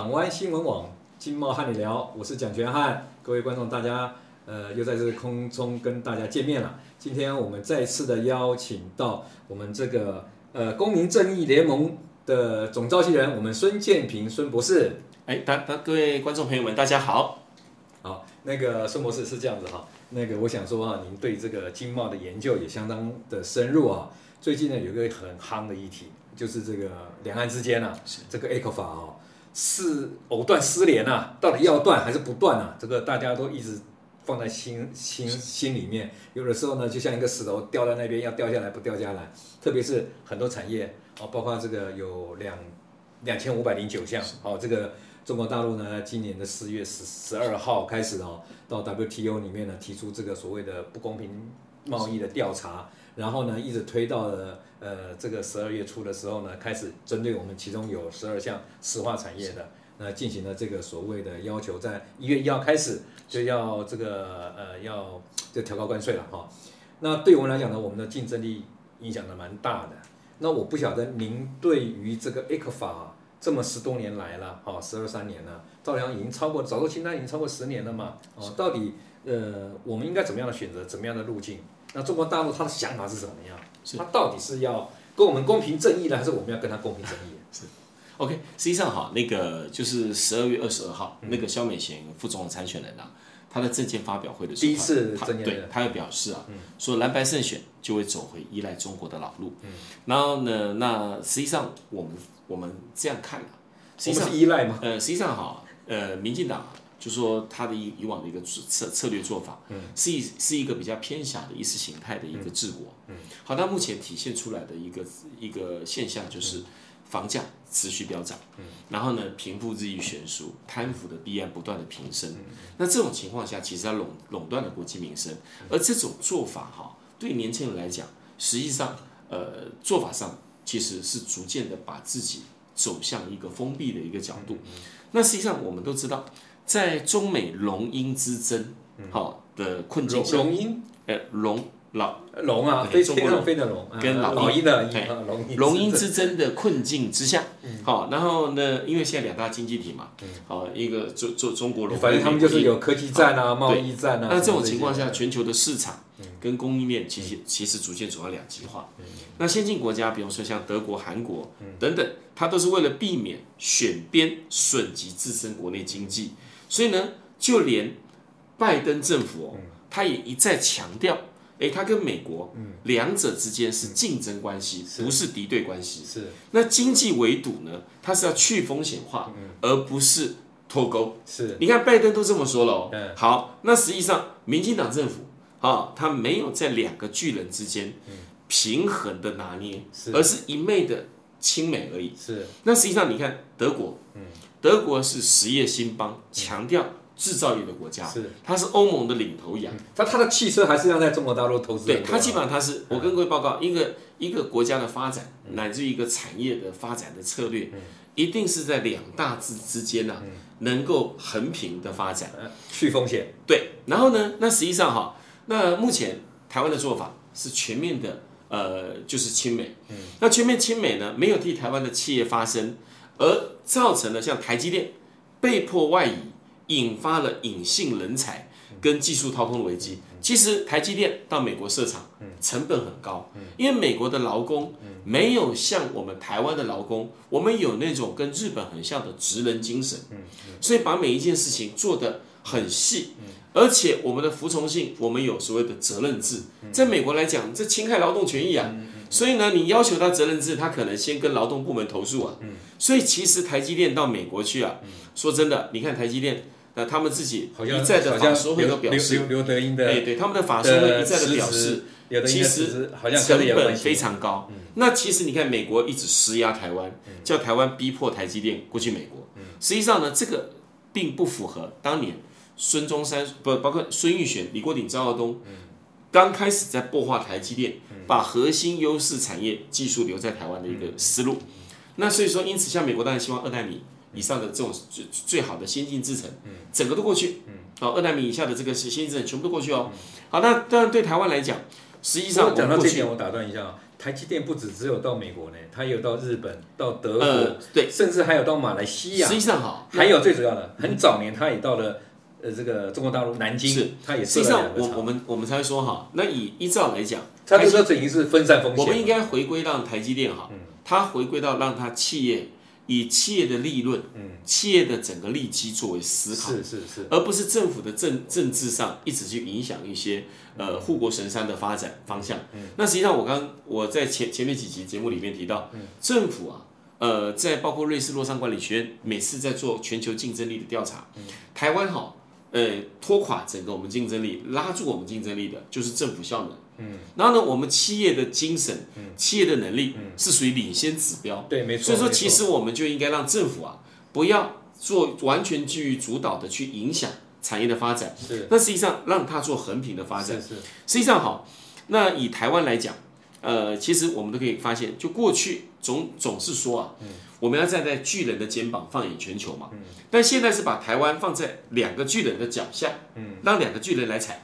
港灣新聞網經貿瀚你聊，我是蔣權瀚，各位觀眾大家，呃，又在這空中跟大家見面了。今天我們再次的邀請到我們這個呃公民正義聯盟的總召集人，我們孫健萍孫博士。哎，大、大各位觀眾朋友們，大家好。好、哦，那個孫博士是這樣子哈、哦，那個我想說、啊、您對這個經貿的研究也相當的深入啊。最近呢，有一個很夯的議題，就是這個兩岸之間呢、啊，這個 ECFA 哈。是藕斷絲連吶、啊，到底要斷還是不斷啊？這個大家都一直放在心心心裡面，有的時候呢，就像一個石頭掉在那邊，要掉下來不掉下來。特別是很多產業哦，包括這個有兩兩千五百零九項哦，這個中國大陸呢，今年的四月十十二號開始哦，到 WTO 裡面呢提出這個所謂的不公平貿易的調查。然後呢，一直推到了呃，這個十二月初的時候呢，開始針對我們，其中有十二項石化產業的，那進行了這個所謂的要求，在一月一號開始就要這個呃要就調高關稅了哈、哦。那對我們來講呢，我們的競爭力影響的蠻大的。那我不曉得您對於這個埃 f a 這麼十多年來了哈，十二三年了，照樣已經超過，早都清單已經超過十年了嘛。哦、到底呃，我們應該怎麼樣的選擇，怎麼樣的路徑？那中國大陸他的想法是怎麼樣？他到底是要跟我們公平正義呢、嗯，還是我們要跟他公平正義？是，OK。實際上哈，那個就是十二月二十二號、嗯，那個蕭美琴副總統參選人啊，嗯、他的政見發表會的第一次政見他，對，他也表示啊、嗯，說藍白勝選就會走回依賴中國的老路、嗯。然後呢，那實際上我們我們這樣看啊，實際上依賴嗎？呃，實際上哈，呃，民進黨、啊。就是說他的以以往的一個策策略做法，是一是一個比較偏狹的意識形態的一個治國，好，那目前體現出來的一個一個現象就是房價持續飆漲，然後呢，貧富日益懸殊，貪腐的弊案不斷的頻生，那這種情況下，其實它壟壟斷了國計民生，而這種做法哈，對年輕人來講，實際上，呃，做法上其實是逐漸的把自己走向一個封閉的一個角度，那實際上我們都知道。在中美龍鷹之爭，好，的困境下，龍、嗯、鷹，龍、欸、老，龍啊，飛中國飛的龍，跟老鷹的鷹，龍鷹之爭的困境之下、嗯，好，然後呢，因為現在兩大經濟體嘛、嗯，好，一個中中中國龍，反正他們就是有科技戰啊，貿易戰啊，那這種情況下，全球的市場跟供應鏈其實、嗯、其實逐漸走向兩極化、嗯。那先進國家，比如說像德國、韓國等等、嗯，它都是為了避免選邊損及自身國內經濟。所以呢，就連拜登政府、哦嗯，他也一再強調、欸，他跟美國兩、嗯、者之間是競爭關係、嗯，不是敵對關係。是。那經濟圍堵呢，他是要去風險化、嗯，而不是脫鈎。是。你看拜登都這麼說了哦。哦、嗯。好，那實際上，民進黨政府啊、哦，他沒有在兩個巨人之間平衡的拿捏，嗯、是而是一昧的親美而已。是。那實際上，你看德國。嗯。德國是實業興邦，強調制造業的國家，是它是歐盟的領頭羊，嗯、但它的汽車還是要在中國大陸投資。對，它基本上它是、嗯、我跟各位報告，一個一個國家的發展，乃至於一個產業的發展的策略，嗯、一定是在兩大之之間呢、啊嗯，能夠橫平的發展、嗯，去風險。對，然後呢，那實際上哈、啊，那目前台灣的做法是全面的，呃，就是親美、嗯。那全面親美呢，沒有替台灣的企業發聲。而造成了像台積電被迫外移，引發了隱性人才跟技術掏空的危機。其實台積電到美國設廠，成本很高，因為美國的勞工沒有像我們台灣的勞工，我們有那種跟日本很像的職人精神，所以把每一件事情做得很細，而且我們的服從性，我們有所謂的責任制，在美國來講，這侵害勞動權益啊。所以呢，你要求他責任制，他可能先跟勞動部門投訴啊、嗯。所以其實台積電到美國去啊、嗯，說真的，你看台積電，那他們自己一再的法，示，劉德音的，對對，他們的法務呢，一再的表示的的的，其實成本非常高。嗯、那其實你看，美國一直施壓台灣、嗯，叫台灣逼迫台積電過去美國。嗯、實際上呢，這個並不符合當年孫中山不包括孫運璿、李國鼎、趙耀東。嗯剛開始在破壞台積電，把核心優勢產業技術留在台灣的一個思路。嗯、那所以說，因此像美國當然希望二奈米以上的這種最最好的先進製程，嗯、整個都過去，嗯、好，二奈米以下的這個是先進製程全部都過去哦。嗯、好，那當然對台灣來講，實際上講到這點，我打斷一下啊，台積電不止只有到美國呢，它有到日本、到德國、呃，對，甚至還有到馬來西亞。實際上好，還有最主要的，嗯、很早年它也到了。呃，這個中國大陸南京，是，它也是。實際上我，我我們我們才會說哈，那以依照來講，他就說等於是分散風險。我們應該回歸到台積電哈，嗯，它回歸到讓它企業以企業的利潤，嗯，企業的整個利基作為思考，是是是，而不是政府的政政治上一直去影響一些呃護國神山的發展方向。嗯，那實際上我剛我在前前面幾集節目裡面提到，嗯，政府啊，呃，在包括瑞士洛桑管理學院每次在做全球競爭力的調查，嗯，台灣好。呃、嗯，拖垮整個我們競爭力，拉住我們競爭力的，就是政府效能。嗯，然後呢，我們企業的精神，嗯、企業的能力、嗯、是屬於領先指標。對，沒錯。所以說，其實我們就應該讓政府啊，不要做完全居於主導的去影響產業的發展。是。那實際上，讓它做橫平的發展。是、是。實際上，好。那以台灣來講，呃，其實我們都可以發現，就過去總總是說啊。嗯我們要站在巨人的肩膀，放眼全球嘛，但現在是把台灣放在兩個巨人的腳下，讓兩個巨人來踩。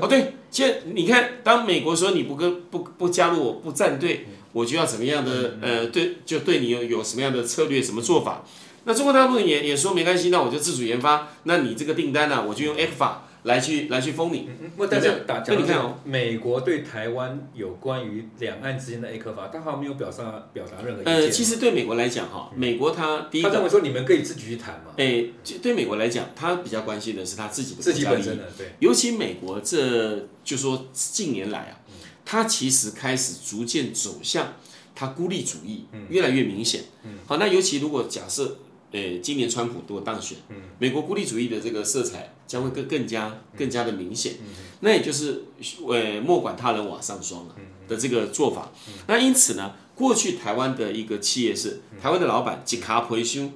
哦，對，現在你看，當美國說你不跟不、不加入，我不站隊，我就要怎麼樣的，呃，對，就對你有有什麼樣的策略，什麼做法？那中國大陸也也說沒關係，那我就自主研發。那你這個訂單呢、啊，我就用 ECFA。來去來去封你，嗯嗯，但是，、嗯、但是打講講講、就是嗯，美國對台灣有關於兩岸之間的 ECFA，他、嗯、還沒有表示表達任何意見。呃，其實對美國來講，哈，美國他、嗯、第一，他這麼說你們可以自己去談嘛。哎，對美國來講，他比較關心的是他自己的，自己本身的對。尤其美國這就說近年來啊，他、嗯、其實開始逐漸走向他孤立主義，越來越明顯。嗯嗯、好，那尤其如果假設。欸、今年川普多當選、嗯，美國孤立主義的這個色彩將會更更加、嗯嗯、更加的明顯、嗯嗯，那也就是呃莫管他人瓦上霜了、啊嗯嗯、的這個做法、嗯。那因此呢，過去台灣的一個企業是、嗯、台灣的老板一卡皮箱，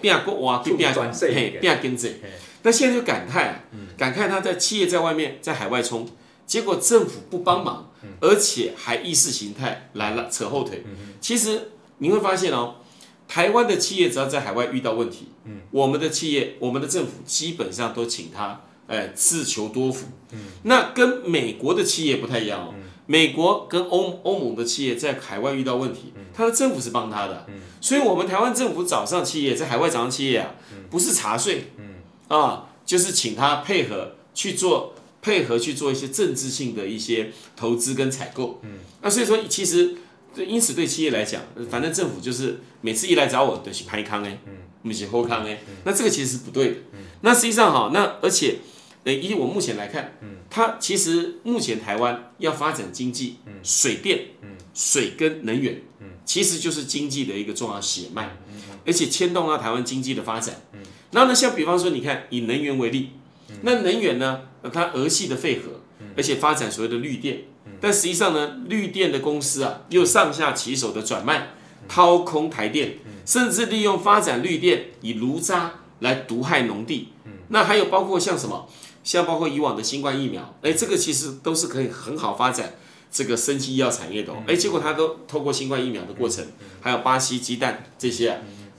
變啊過變啊轉色，變跟着。那、嗯、現在就感嘆、嗯、感慨他在企業在外面在海外衝，結果政府不幫忙、嗯嗯，而且還意識形態來了扯後腿。嗯嗯、其實、嗯、你會發現哦。台灣的企業只要在海外遇到問題、嗯，我們的企業、我們的政府基本上都請他，哎、呃，自求多福、嗯，那跟美國的企業不太一樣、哦嗯、美國跟歐歐盟的企業在海外遇到問題，嗯、他的政府是幫他的、嗯，所以我們台灣政府早上企業在海外早上企業啊，嗯、不是查稅、嗯，啊，就是請他配合去做，配合去做一些政治性的一些投資跟採購、嗯，那所以說其實。對，因此對企業來講，反正政府就是每次一來找我，都是歹康哎，嗯，我們是好康哎，那這個其實是不對的。那實際上哈，那而且，呃，以我目前來看，它其實目前台灣要發展經濟，水電，水跟能源，其實就是經濟的一個重要血脈，而且牽動到台灣經濟的發展，嗯，然後呢，像比方說，你看以能源為例，那能源呢，它俄系的廢核，而且發展所謂的綠電。但實際上呢，綠電的公司啊，又上下其手的轉賣，掏空台電，甚至利用發展綠電以爐渣來毒害農地。那還有包括像什麼，像包括以往的新冠疫苗，哎，這個其實都是可以很好發展這個生機醫藥產業的哦。哎，結果他都透過新冠疫苗的過程，還有巴西雞蛋這些啊，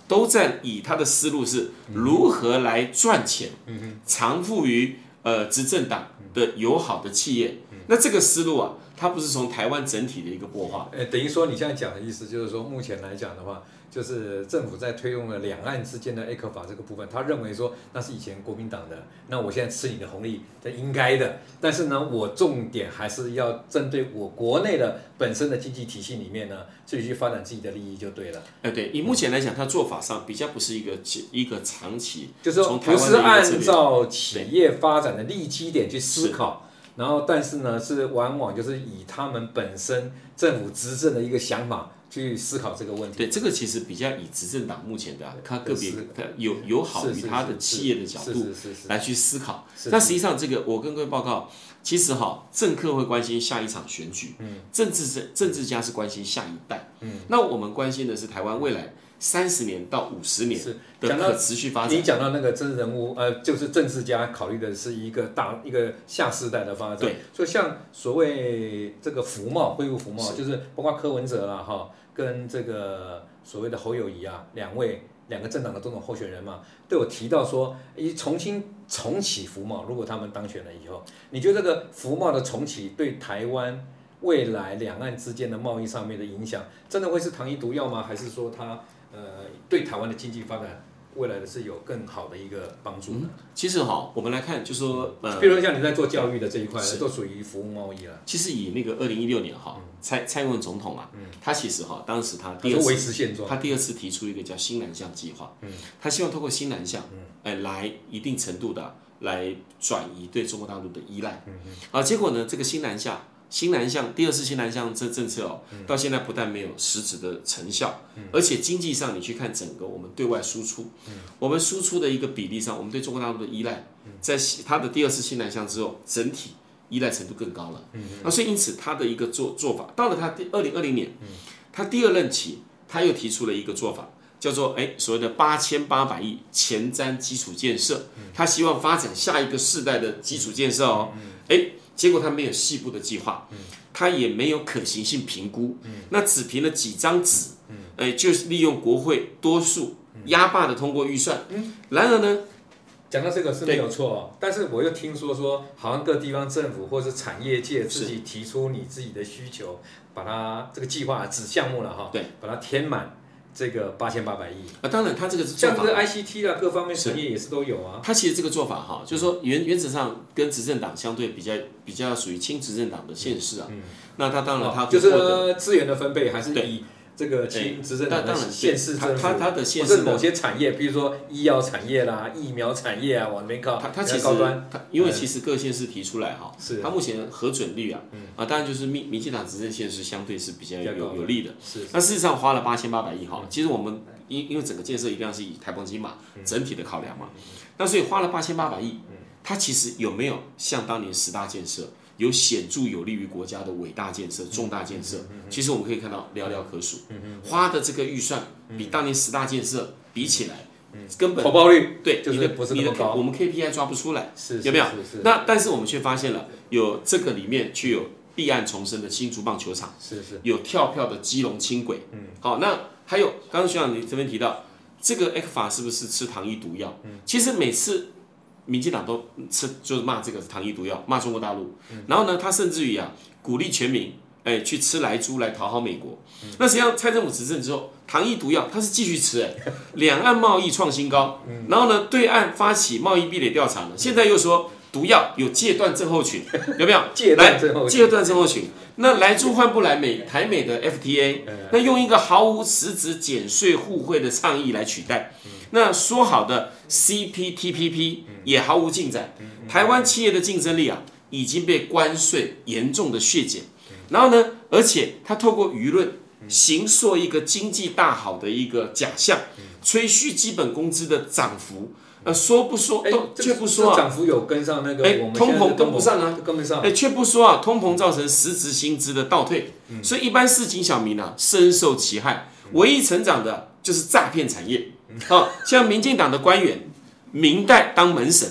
都在以他的思路是如何來賺錢，嗯嗯，償付於呃執政黨的友好的企業。那這個思路啊。他不是從台灣整體的一個播化、欸，誒，等於說你現在講的意思就是說，目前來講的話，就是政府在推動了兩岸之間的 ECFA 這個部分，他認為說那是以前國民黨的，那我現在吃你的紅利是應該的。但是呢，我重點還是要針對我國內的本身的經濟體系裡面呢，自己去發展自己的利益就對了。誒、欸，對，以目前來講，他做法上比較不是一個一個長期，就是說，不是按照企業發展的利基點去思考。對然後，但是呢，是往往就是以他們本身政府執政的一個想法去思考這個問題。對，這個其實比較以執政黨目前的、啊、他個別的有是是是是友好於他的企業的角度來去思考。是是是是是是是那實際上，這個我跟各位報告，其實哈、哦，政客會關心下一場選舉，嗯，政治政治家是關心下一代，嗯，那我們關心的是台灣未來。嗯三十年到五十年是講到持續發展。你講到那個真人物，呃，就是政治家考慮的是一個大一個下世代的發展。對，所以像所謂這個服貿恢復服貿，就是包括柯文哲啦、啊、哈、哦，跟這個所謂的侯友宜啊，兩位兩個政黨的總統候選人嘛，都有提到說，以重新重啟服貿，如果他們當選了以後，你覺得這個服貿的重啟對台灣？未來兩岸之間的貿易上面的影響，真的會是糖衣毒藥嗎？還是說它，呃對台灣的經濟發展未來的是有更好的一個幫助、嗯？其實哈，我們來看，就是、說、呃，比如像你在做教育的這一塊，嗯、是都屬於服務貿易了。其實以那個二零一六年哈、嗯，蔡蔡英文總統啊，嗯、他其實哈當時他第二次、嗯、維持現狀，他第二次提出一個叫新南向計劃，嗯，他希望通過新南向，哎、嗯，來一定程度的來轉移對中國大陸的依賴，嗯，嗯、啊、結果呢，這個新南向。新南向第二次新南向這政策哦、嗯，到現在不但沒有實質的成效，嗯、而且經濟上你去看整個我們對外輸出、嗯，我們輸出的一個比例上，我們對中國大陸的依賴、嗯，在他的第二次新南向之後，整體依賴程度更高了。嗯、那所以因此他的一個做做法，到了他第二零二零年，他、嗯、第二任期他又提出了一個做法，叫做哎、欸、所謂的八千八百億前瞻基礎建設，他、嗯、希望發展下一個世代的基礎建設哦、哎、嗯。嗯嗯嗯欸結果他沒有細部的計劃，他也沒有可行性評估，嗯、那只憑了幾張紙、嗯呃，就是利用國會多數壓霸的通過預算。然、嗯、而呢，講到這個是沒有錯，但是我又聽說說，好像各地方政府或者產業界自己提出你自己的需求，把它這個計劃指項目了哈，對，把它填滿。這個八千八百億啊，當然他這個是像這個 I C T 啊，各方面實業也是都有啊。他其實這個做法哈，就是說原、嗯、原則上跟執政黨相對比較比較屬於親執政黨的縣市啊。嗯嗯、那他當然他就是資源的分配還是以。對這個其、哎，但政的縣市它它它的縣市是某些產業，比如說醫藥產業啦、疫苗產業啊，往那邊靠。它它其實高端，它因為其實各縣市提出來哈、嗯，它目前核准率啊，嗯、啊當然就是民民進黨執政縣市相對是比較有有利的。是，是，那事實上花了八千八百億哈、嗯，其實我們因因為整個建設一定要是以台澎金馬嘛，整體的考量嘛，但、嗯、所以花了八千八百億，它其實有沒有像當年十大建設？有顯著有利於國家的偉大建設、重大建設，其實我們可以看到寥寥可數，花的這個預算比當年十大建設比起來，根本回報率對你的你的，你的我們 KPI 抓不出來，是有沒有？那但是我們卻發現了有這個裡面卻有弊案重生的新竹棒球場，有跳票的基隆輕軌，好，那還有剛剛學長你這邊提到這個 ECFA，是不是吃糖衣毒藥？其實每次。民進黨都吃就是罵這個是糖衣毒藥，罵中國大陸、嗯。然後呢，他甚至於啊，鼓勵全民哎、欸、去吃萊豬來討好美國、嗯。那實際上，蔡政府執政之後，糖衣毒藥他是繼續吃、欸。兩 岸貿易創新高，然後呢，對岸發起貿易壁壘調查了、嗯。現在又說。毒藥有戒斷症候群，有沒有？ 戒斷症，症候群。戒斷症，症候群。那萊豬換不來美台美的 FTA，、嗯、那用一個毫無實質減稅互惠的倡議來取代。嗯、那說好的 CPTPP 也毫無進展。嗯嗯嗯、台灣企業的競爭力啊已經被關稅嚴重的削減、嗯。然後呢，而且他透過輿論、嗯、形塑一個經濟大好的一個假象，嗯、吹噓基本工資的漲幅。說不說，誒，卻不說啊！漲幅有跟上那個，哎，通膨跟不上啊，跟不上。哎，卻不說啊，通膨造成實質薪資的倒退，嗯，所以一般市井小民呢，啊，深受其害，嗯。唯一成長的就是詐騙產業好，嗯哦，像民進黨的官員，明代當門神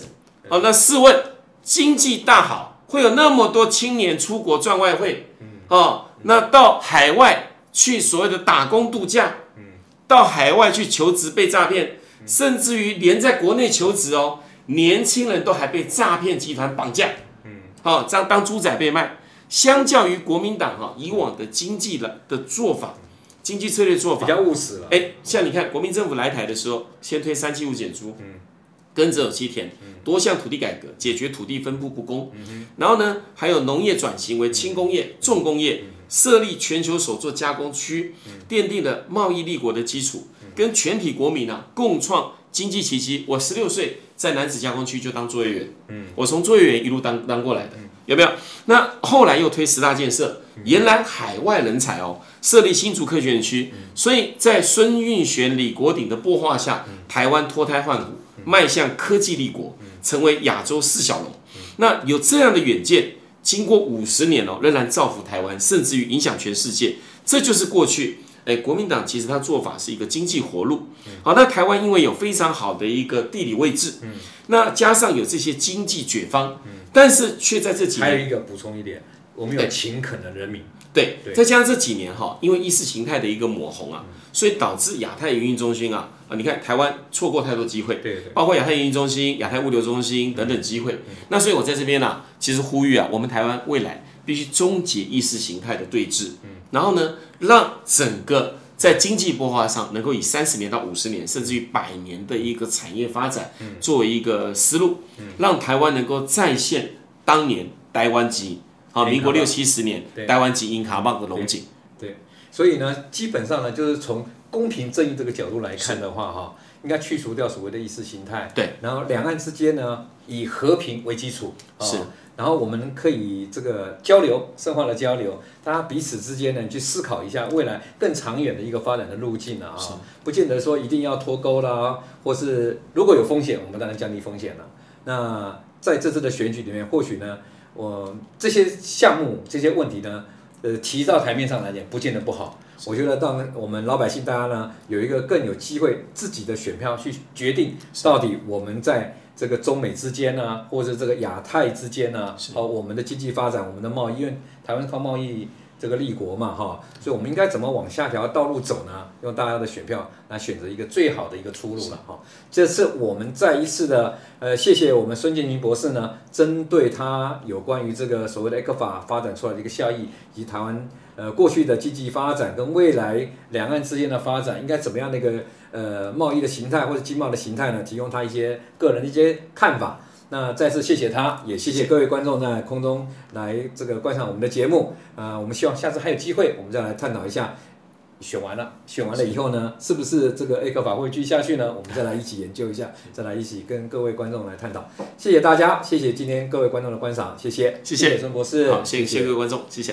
好，嗯哦，那試問，經濟大好，會有那麼多青年出國賺外匯啊，嗯哦？那到海外去所謂的打工度假，嗯，到海外去求職被詐騙。甚至於連在國內求職哦，年輕人都還被詐騙集團綁架，嗯、哦，當當豬仔被賣。相較於國民黨哈以往的經濟的的做法，經濟策略做法比較務實了。誒，像你看、嗯，國民政府來台的時候，先推三七五減租、嗯，跟着有耕者有其田、嗯，多項土地改革，解決土地分布不公，嗯嗯、然後呢，還有農業轉型為輕工業、嗯、重工業、嗯嗯，設立全球首座加工區、嗯，奠定了貿易立國的基礎。跟全體國民呢、啊，共創經濟奇蹟。我十六歲在楠梓加工區就當作業員，嗯，我從作業員一路當當過來的、嗯，有沒有？那後來又推十大建設，嗯、延攬海外人才哦，設立新竹科學園區、嗯，所以在孫運璇、李國鼎的擘畫下，台灣脫胎換骨、嗯，邁向科技立國、嗯，成為亞洲四小龍、嗯。那有這樣的遠見，經過五十年哦，仍然造福台灣，甚至於影響全世界。這就是過去。哎、欸，國民黨其實他做法是一個經濟活路、嗯。好，那台灣因為有非常好的一個地理位置，嗯，那加上有這些經濟絕方，嗯，但是卻在這幾年還有一個補充一點，我們有勤懇的人民對對，對，再加上這幾年哈，因為意識形態的一個抹紅啊、嗯，所以導致亞太營運中心啊，啊，你看台灣錯過太多機會，對，對，對，包括亞太營運中心、亞太物流中心等等機會、嗯。那所以我在這邊呢、啊，其實呼籲啊，我們台灣未來。必須終結意識形態的對峙、嗯，然後呢，讓整個在經濟波劃上能夠以三十年到五十年、嗯、甚至於百年的一個產業發展，嗯、作為一個思路、嗯，讓台灣能夠再現當年台灣錢、啊，民國六七十年，台灣錢、淹腳目的榮景，對對，對，所以呢，基本上呢，就是從公平正義這個角度來看的話，哈。應該去除掉所謂的意識形態，對。然後兩岸之間呢，以和平為基礎啊、哦，然後我們可以這個交流，深化的交流，大家彼此之間呢去思考一下未來更長遠的一個發展的路徑了啊，是不見得說一定要脫鈎啦，或是如果有風險，我們當然降低風險了。那在這次的選舉裡面，或許呢，我、呃、這些項目、這些問題呢，呃，提到台面上來講，不見得不好。我覺得，讓我們老百姓大家呢，有一個更有機會，自己的選票去決定到底我們在這個中美之間呢，或者是這個亞太之間呢，好、哦，我們的經濟發展、我們的貿易，因為台灣靠貿易這個立國嘛，哈、哦，所以我們應該怎麼往下條道路走呢？用大家的選票來選擇一個最好的一個出路了，哈、哦。這次我們再一次的，呃，謝謝我們孫健萍博士呢，針對他有關於這個所謂的 ECFA 發展出來的一個效益以及台灣。呃，過去的經濟發展跟未來兩岸之間的發展應該怎麼樣的、那、一個呃貿易的形態或者經貿的形態呢？提供他一些個人的一些看法。那再次謝謝他，也謝謝各位觀眾在空中來這個觀賞我們的節目。啊、呃，我們希望下次還有機會，我們再來探討一下。選完了，選完了以後呢，是,是不是這個 ECFA 會繼續下去呢？我們再來一起研究一下，再來一起跟各位觀眾來探討。謝謝大家，謝謝今天各位觀眾的觀賞，謝謝，謝謝孫博士，好，謝謝各位觀眾，謝謝。